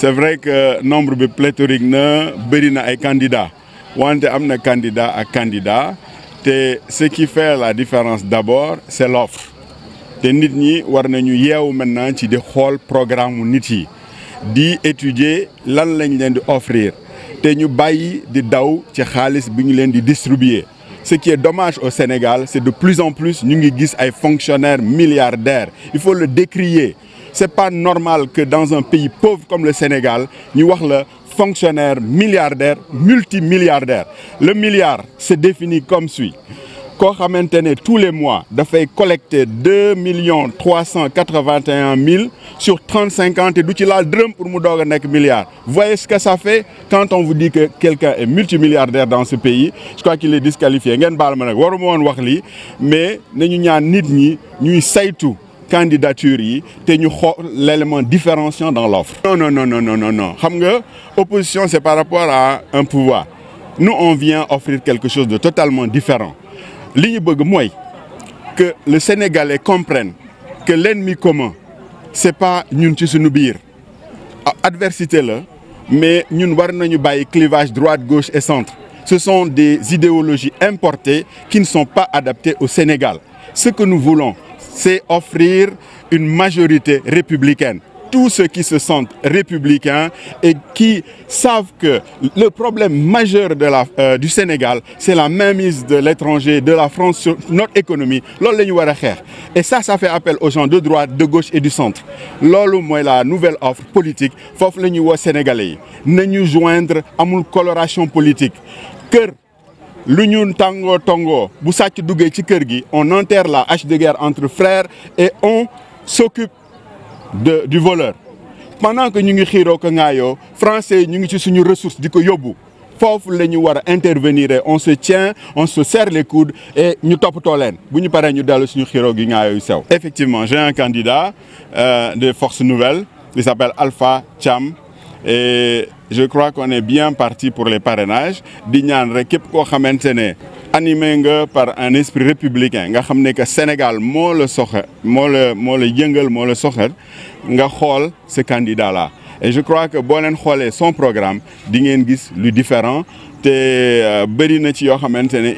c'est vrai que nombre de pléthoriques ne Berina na ay candidats wante am candidat à candidat te ce qui fait la différence d'abord c'est l'offre te nit ñi war nañu yeewu maintenant ci di xool programme nit yi di étudier lan lañ leen di offrir te ñu bàyyi di daw ci xaalis bi leen distribuer ce qui est dommage au Sénégal c'est de plus en plus nous ngi des fonctionnaires milliardaires il faut le décrier n'est pas normal que dans un pays pauvre comme le Sénégal nous wax le fonctionnaire milliardaire multimilliardaire le milliard se définit comme suit Quand on tous les mois fait collecter 2 millions sur 35 pour mu milliard voyez ce que ça fait quand on vous dit que quelqu'un est multimilliardaire dans ce pays je crois qu'il est disqualifié mais nous ñaan nit candidature yi l'élément différenciant dans l'offre non non non non non non non opposition c'est par rapport à un pouvoir nous on vient offrir quelque chose de totalement différent li moi que le Sénégalais comprenne que l'ennemi commun c'est pas ñun ci ah, adversité là, mais ñun war nañu clivage droite gauche et centre ce sont des idéologies importées qui ne sont pas adaptées au Sénégal ce que nous voulons c'est offrir une majorité républicaine. Tous ceux qui se sentent républicains et qui savent que le problème majeur de la, euh, du Sénégal, c'est la mainmise de l'étranger, de la France sur notre économie. Et ça, ça fait appel aux gens de droite, de gauche et du centre. Lolo moi la nouvelle offre politique, faut que les Sénégalais nous joindre à une coloration politique. L'Union Tango-Tango, Boussaki bu sàcc on enterre la hache de guerre entre frères et on s'occupe du voleur pendant que nous sommes en ko ngaayoo français yi ñu ngi ci suñu ressource di ko intervenir on se tient on se serre les coudes et nous nous leen Nous ñu nous ñu en suñu xiiroo gi effectivement j'ai un candidat euh, de force nouvelle il s'appelle Alpha Cham je crois qu'on est bien parti pour les parrainages di ñaan rek képp koo animé nga par un esprit républicain nga xam que Sénégal moo le soxal moo le moo la yëngal moo la soxal nga xool ce candidat là et je crois que Bolen leen son programme di ngeen gis lu différent te euh, bëri na ci yoo xamante ne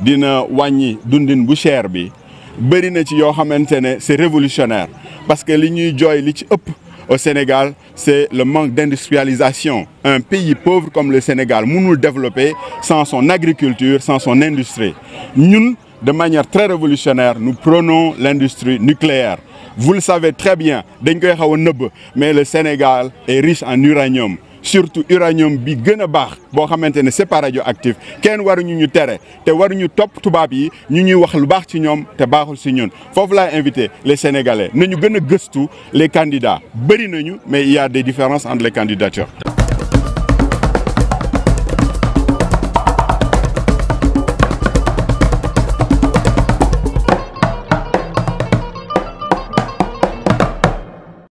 dina wàññi dundin bu cher bi ci c'est révolutionnaire parce que li ñuy jooy li ci ëpp au Sénégal, c'est le manque d'industrialisation. Un pays pauvre comme le Sénégal, nous nous développer sans son agriculture, sans son industrie. Nous, de manière très révolutionnaire, nous prenons l'industrie nucléaire. Vous le savez très bien, mais le Sénégal est riche en uranium surtout uranium bi gëna a baax boo xamante c'est pas radioactif kenn waru ñu té waru ñu top tubaab yi ñu ñuy wax lu baax ci ñom te baaxul ci ñun fofu la invité les sénégalais nañu gëna gëstu les candidats bari nañu mais il y a des différences entre les candidatures